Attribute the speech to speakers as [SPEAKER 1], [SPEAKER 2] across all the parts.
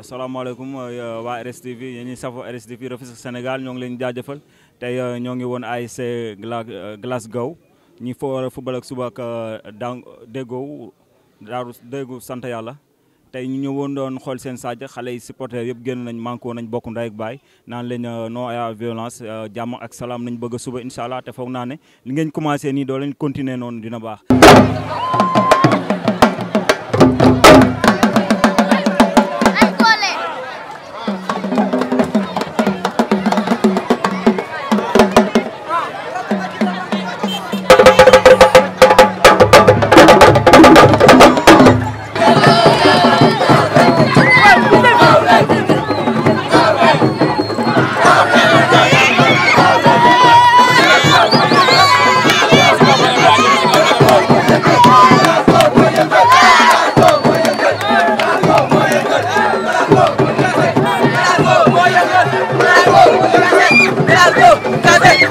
[SPEAKER 1] asalaamaaleykum euh, euh, waa RSTV yéen ñi safo RSTV Rufisque ñoo ngi leen jaajëfal tey euh, ñoo ngi woon ASC Glasgow ñi fo war a football ak suba ak daan déggoo daaru déggu sant yàlla tey ñu ñëwoon doon xool seen Sadio xale yi supporters yëpp génn nañ manko nañ bokk ndey ak baay naan leen non à violence jàmm ak salaam nañu bëgg a suba incha te foog naa ne li ngeen commencé nii doo leen continuer noonu dina baax. Tade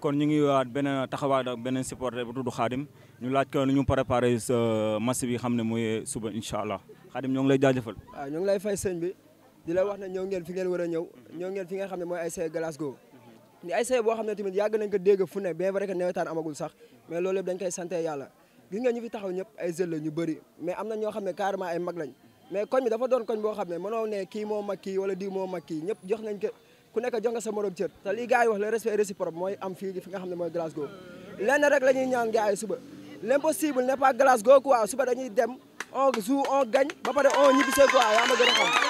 [SPEAKER 1] kon ñu ngi waat beneen taxawaat ak beneen supporter bu tudd Khadim ñu laaj ko nu ñu préparé sa euh, match bi suba incha allah Khadim ñoo ngi lay jaajëfal. waaw
[SPEAKER 2] ah, ñoo ngi lay fay sëñ bi di la wax ne ñëw ngeen fi ngeen war a ñëw ñëw ngeen fi nga xam ne mooy ASC xam ne tamit yàgg nañ ko dégg fu ne bien vrai que nawetaan amagul sax mais loolu yëpp dañ koy sante yàlla gis nga ñu fi taxaw ñëpp ay jeunes la ñu bëri mais am na ñoo xam ne carrément ay mag lañ mais koñ bi dafa doon koñ boo ne mënoo ne kii moo mag kii wala moo mag kii ñëpp jox nañ ko ku nekk jox nga sa morom cër te li gars yi wax le respect réciproque mooy am fii fi nga xam ne mooy Glasgow lenn rek la ñaan gars yi suba l'impossible n'est pas Glasgow quoi suba dañuy dem on joue on gagne ba pare on ñibbi see quoi gën a